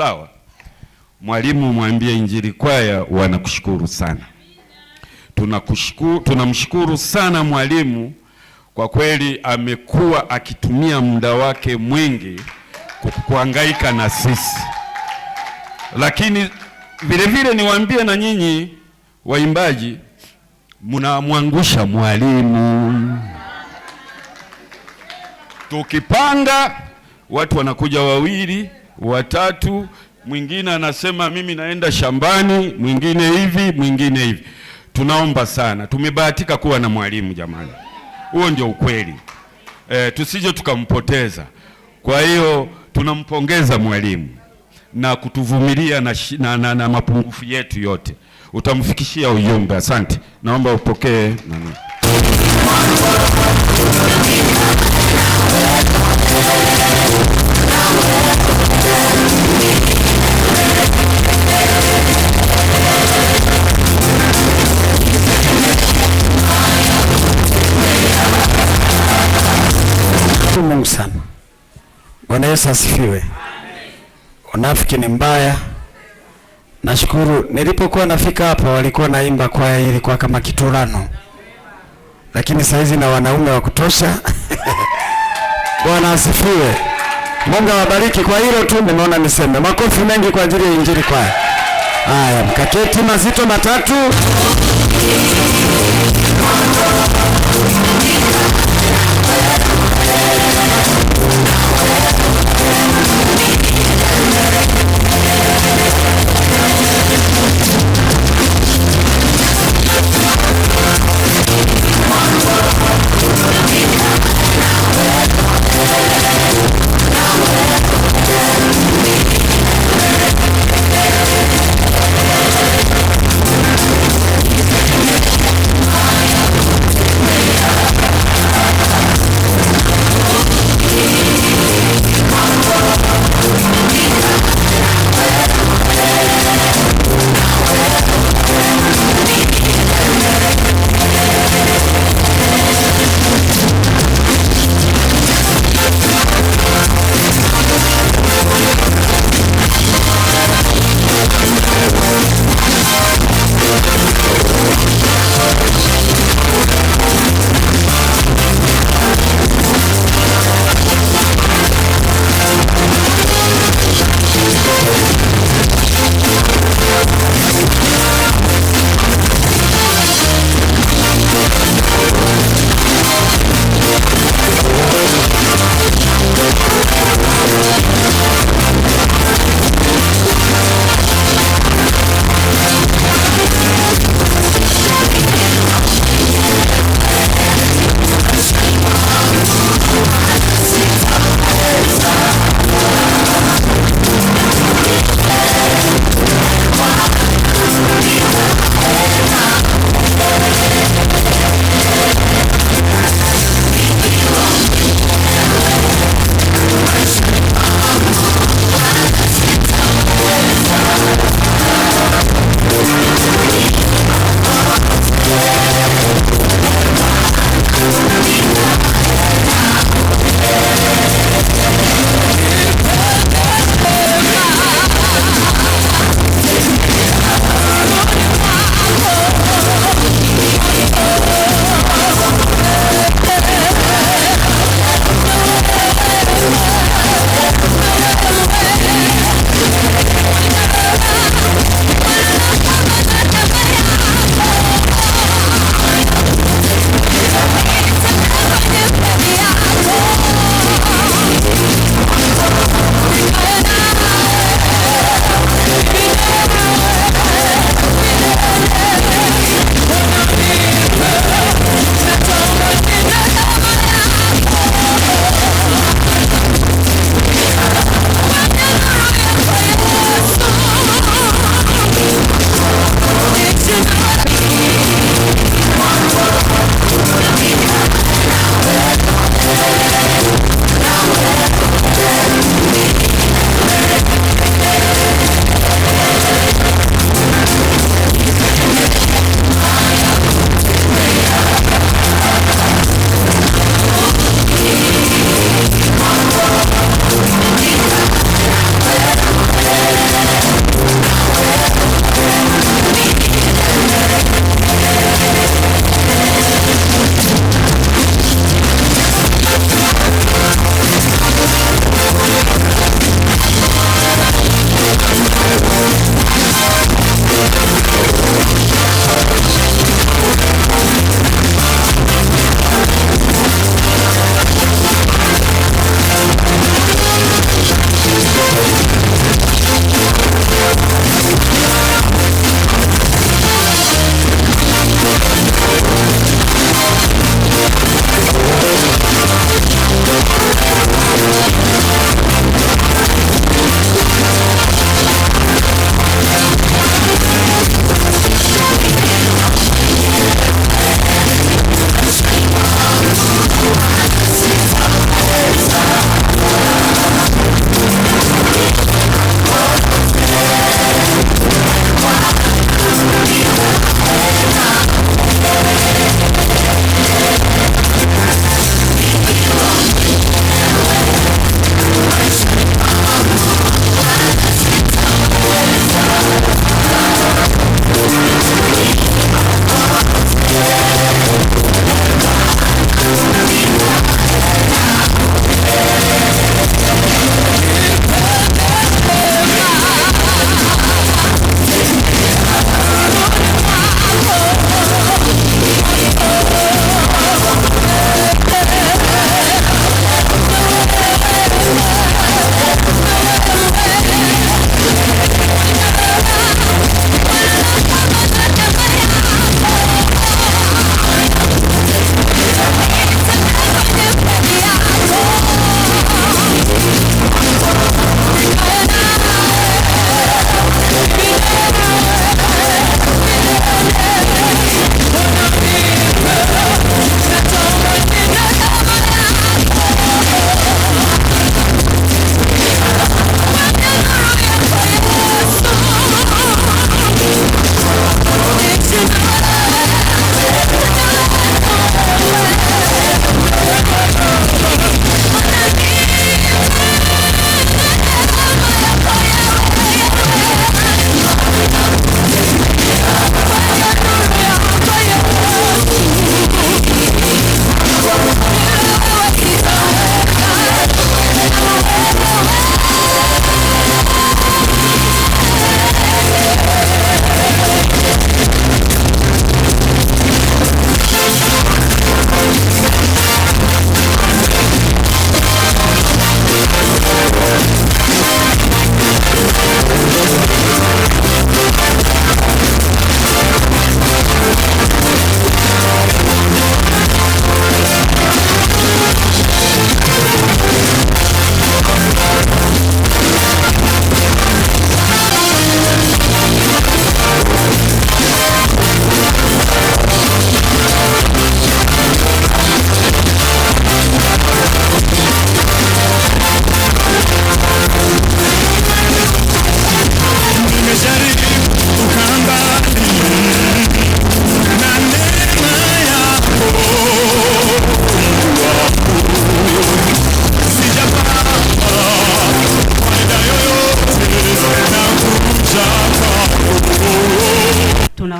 Sawa, mwalimu, mwambie Injili Kwaya wanakushukuru sana. Tunakushukuru, tunamshukuru sana mwalimu kwa kweli, amekuwa akitumia muda wake mwingi kuhangaika na sisi, lakini vilevile niwaambie na nyinyi waimbaji, mnamwangusha mwalimu. Tukipanga watu wanakuja wawili watatu, mwingine anasema mimi naenda shambani, mwingine hivi, mwingine hivi. Tunaomba sana, tumebahatika kuwa na mwalimu jamani, huo ndio ukweli e, tusije tukampoteza. Kwa hiyo tunampongeza mwalimu na kutuvumilia na, na, na, na mapungufu yetu yote. Utamfikishia ujumbe. Asante, naomba upokee nani Mungu sana. Bwana Yesu asifiwe. Unafiki ni mbaya. Nashukuru nilipokuwa nafika hapa walikuwa naimba kwaya, ilikuwa kama kiturano, lakini saizi na wanaume wa kutosha. Bwana asifiwe. Mungu awabariki. Kwa hilo tu nimeona niseme. Makofi mengi kwa ajili ya injili kwaya. Haya, mkaketi mazito matatu.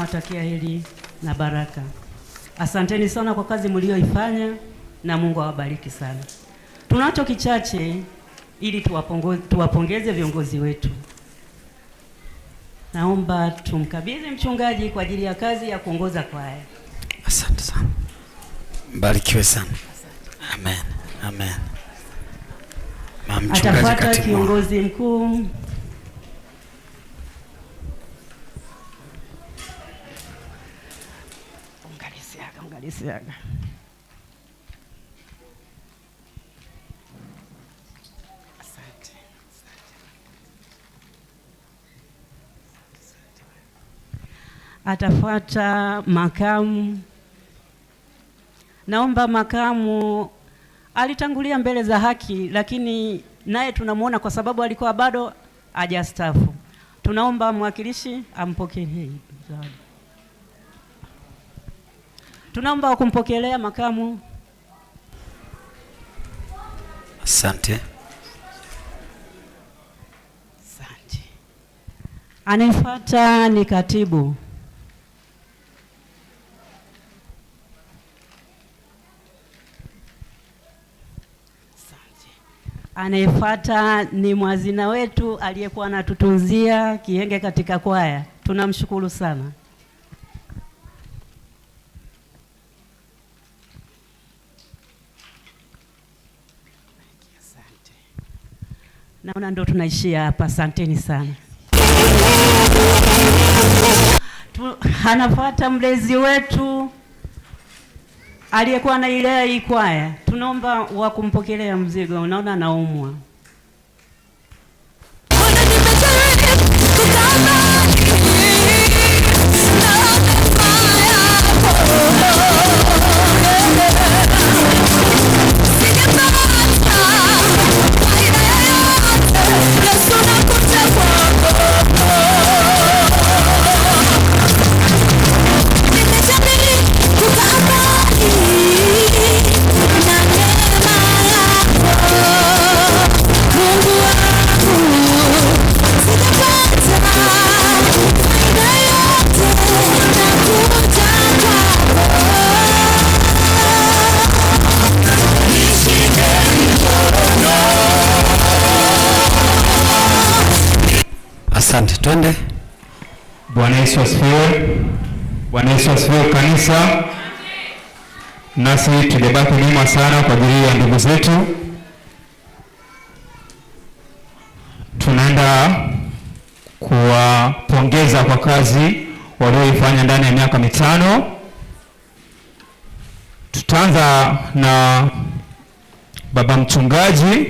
nawatakia heri na baraka. Asanteni sana kwa kazi mlioifanya na Mungu awabariki sana. Tunacho kichache ili tuwapongeze viongozi wetu. Naomba tumkabidhi mchungaji kwa ajili ya kazi ya kuongoza kwaya. Asante sana. Mbarikiwe sana. Amen. Amen. Atafuata kiongozi mkuu ziada. Atafuata makamu. Naomba makamu alitangulia mbele za haki, lakini naye tunamwona kwa sababu alikuwa bado hajastaafu. Tunaomba mwakilishi ampokee zawadi. Tunaomba kumpokelea makamu. Asante. Asante. Anifuata ni katibu. Anayefuata ni mwazina wetu aliyekuwa anatutunzia kienge katika kwaya. Tunamshukuru sana. naona ndo tunaishia hapa. Asanteni sana. Tu, anafuata mlezi wetu aliyekuwa anailea hii kwaya, tunaomba wakumpokelea mzigo, unaona anaumwa. Yesu asifiwe kanisa. Nasi tulibaki nyuma sana kwa ajili ya ndugu zetu. Tunaenda kuwapongeza kwa kazi walioifanya ndani ya miaka mitano. Tutaanza na baba mchungaji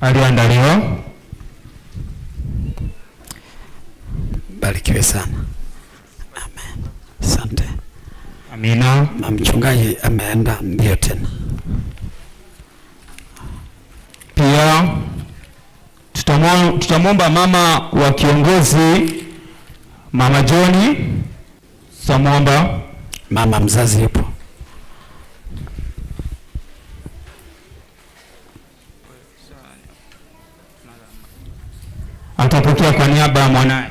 aliyoandaliwa. Barikiwe sana. Asante. Amina. Na mchungaji ameenda mbio tena. Pia tutamwomba mama wa kiongozi Mama Joni, tutamwomba mama mzazi yupo. Atapokea kwa niaba ya mwanae.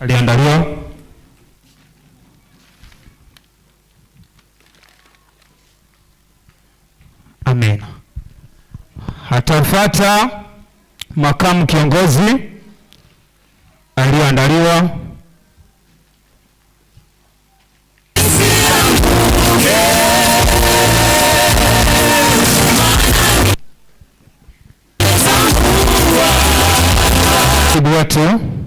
aliandaliwa amen. Atafuata makamu kiongozi aliyoandaliwa wetu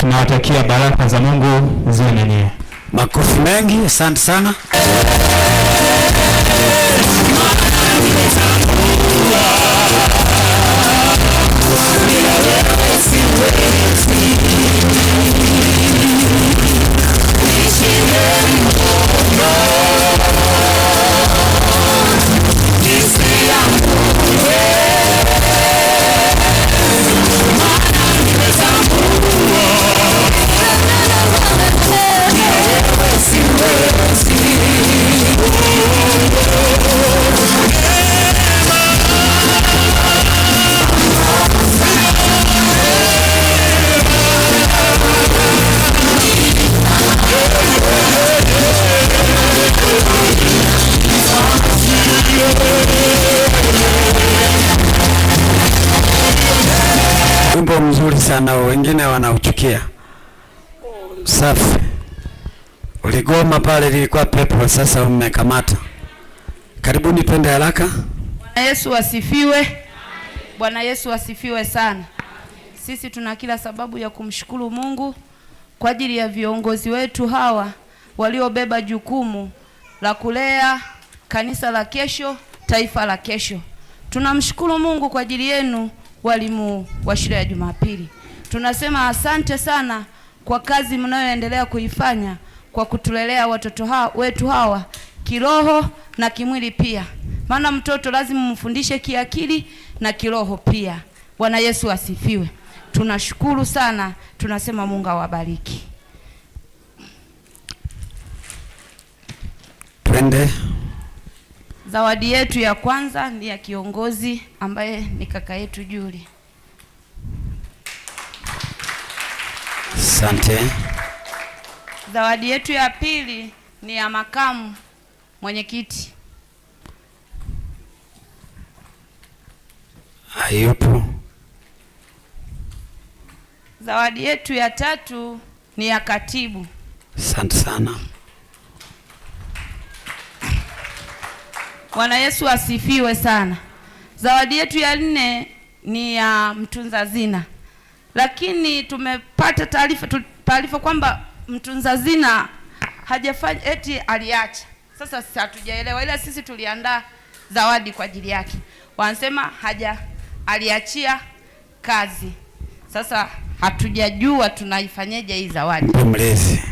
Tunawatakia baraka za Mungu ziwe na Makofi mengi, asante sana. na wengine wanauchukia. Safi, uligoma pale, lilikuwa pepo, sasa umekamata. Karibuni twende haraka. Bwana Yesu asifiwe. Bwana Yesu asifiwe sana. Sisi tuna kila sababu ya kumshukuru Mungu kwa ajili ya viongozi wetu hawa waliobeba jukumu la kulea kanisa la kesho, taifa la kesho. Tunamshukuru Mungu kwa ajili yenu walimu wa shule ya Jumapili. Tunasema asante sana kwa kazi mnayoendelea kuifanya kwa kutulelea watoto hawa, wetu hawa kiroho na kimwili pia, maana mtoto lazima mfundishe kiakili na kiroho pia. Bwana Yesu asifiwe. Tunashukuru sana, tunasema Mungu awabariki. Twende. Zawadi yetu ya kwanza ni ya kiongozi ambaye ni kaka yetu Juli. Asante. Zawadi yetu ya pili ni ya makamu mwenyekiti. Hayupo. Zawadi yetu ya tatu ni ya katibu. Asante sana. Bwana Yesu asifiwe sana. Zawadi yetu ya nne ni ya mtunza zina lakini tumepata taarifa taarifa kwamba mtunza zina hajafanya eti aliacha. Sasa sisi hatujaelewa, ila sisi tuliandaa zawadi kwa ajili yake. Wanasema haja aliachia kazi. Sasa hatujajua tunaifanyaje hii zawadi. Mlezi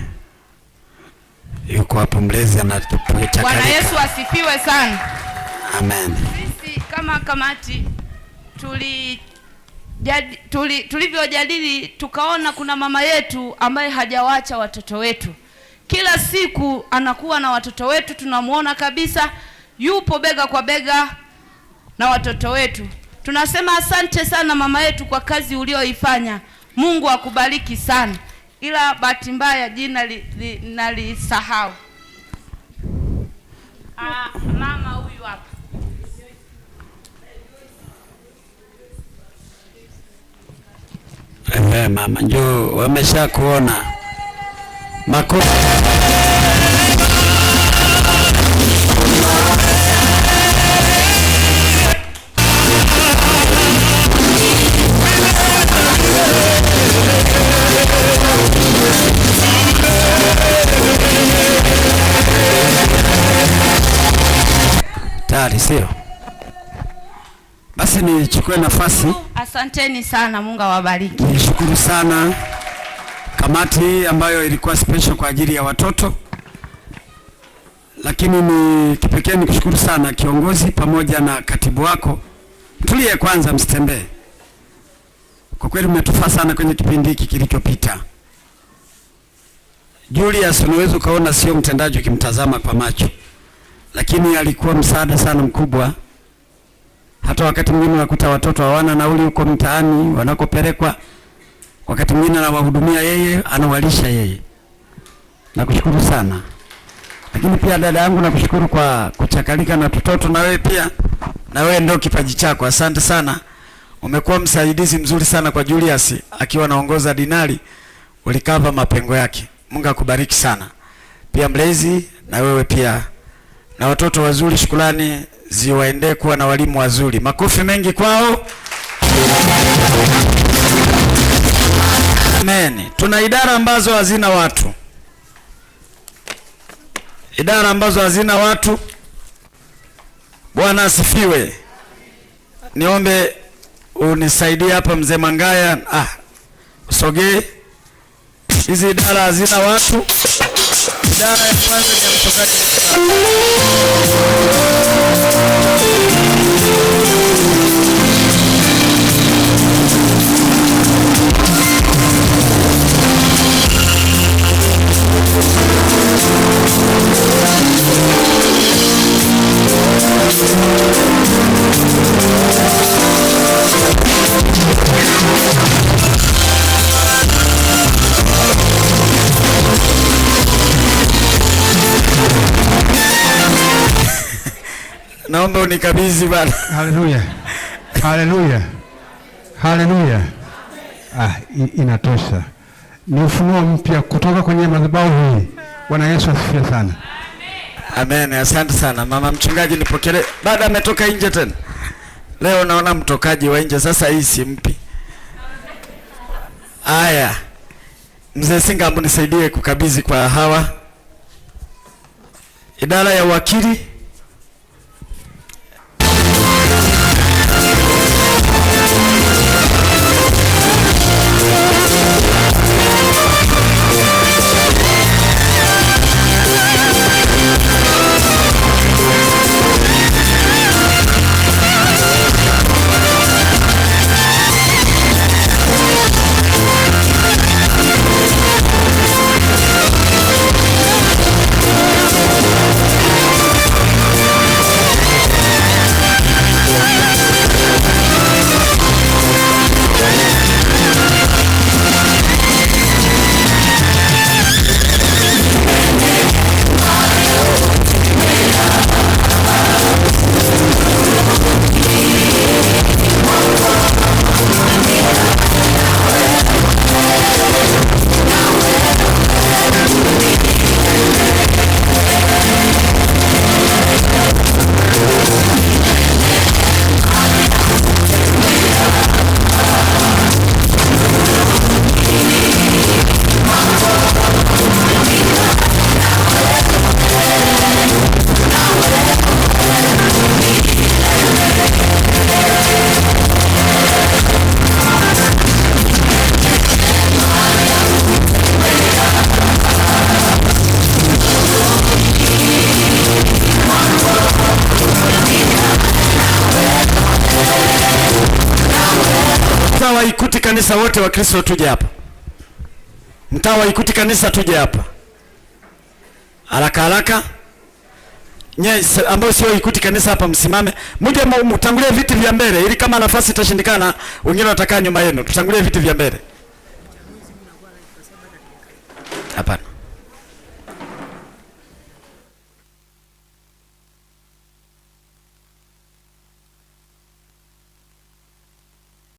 yuko hapo, mlezi anatupocha. Bwana Yesu asifiwe sana, amen. Sisi kama kamati tuli tuli, tulivyojadili tukaona kuna mama yetu ambaye hajawacha watoto wetu, kila siku anakuwa na watoto wetu, tunamwona kabisa yupo bega kwa bega na watoto wetu. Tunasema asante sana mama yetu kwa kazi ulioifanya, Mungu akubariki sana, ila bahati mbaya jina li, nalisahau. Ah, mama Ewe mama, njoo, wamesha kuona makofi. Tayari sio? Basi nichukue nafasi Asanteni sana, Mungu awabariki. Nishukuru sana kamati hii ambayo ilikuwa special kwa ajili ya watoto, lakini ni kipekee ni kushukuru sana kiongozi pamoja na katibu wako. Tulie kwanza, msitembee. Kwa kweli mmetufaa sana kwenye kipindi hiki kilichopita. Julius unaweza ukaona sio mtendaji ukimtazama kwa macho, lakini alikuwa msaada sana mkubwa hata wakati mwingine unakuta watoto hawana nauli huko mtaani wanakopelekwa, wakati mwingine anawahudumia yeye, anawalisha yeye. Nakushukuru sana. Lakini pia dada yangu, nakushukuru kwa kuchakalika na tutoto, na wewe pia, na wewe ndio kipaji chako. Asante sana, umekuwa msaidizi mzuri sana kwa Julius akiwa anaongoza dinari, ulikava mapengo yake. Mungu akubariki sana, pia mlezi, na wewe pia na watoto wazuri. Shukrani ziwaendee kuwa na walimu wazuri. Makofi mengi kwao. Amen. Tuna idara ambazo hazina watu, idara ambazo hazina watu. Bwana asifiwe. Niombe unisaidie hapa mzee Mangaya, ah, usogee. Hizi idara hazina watu. Idara ya kwanza ni ya mchungaji nikabizi bana. Haleluya. Haleluya. Haleluya. Ah, inatosha. Ni ufunuo mpya kutoka kwenye madhabahu hii. Bwana Yesu asifiwe sana. Amen. Asante sana mama mchungaji, nipokele Baada ametoka nje tena. Leo naona mtokaji wa nje sasa, hii si mpi. Aya. Mzee Singa, nisaidie kukabidhi kwa hawa idara ya wakili kanisa wote wa Kristo tuje hapa, mtaa wa Ikuti kanisa tuje hapa haraka haraka, ambayo sio Ikuti kanisa hapa, msimame mje, mtangulie viti vya mbele, ili kama nafasi itashindikana wengine watakaa nyuma yenu. Tutangulie viti vya mbele, hapana.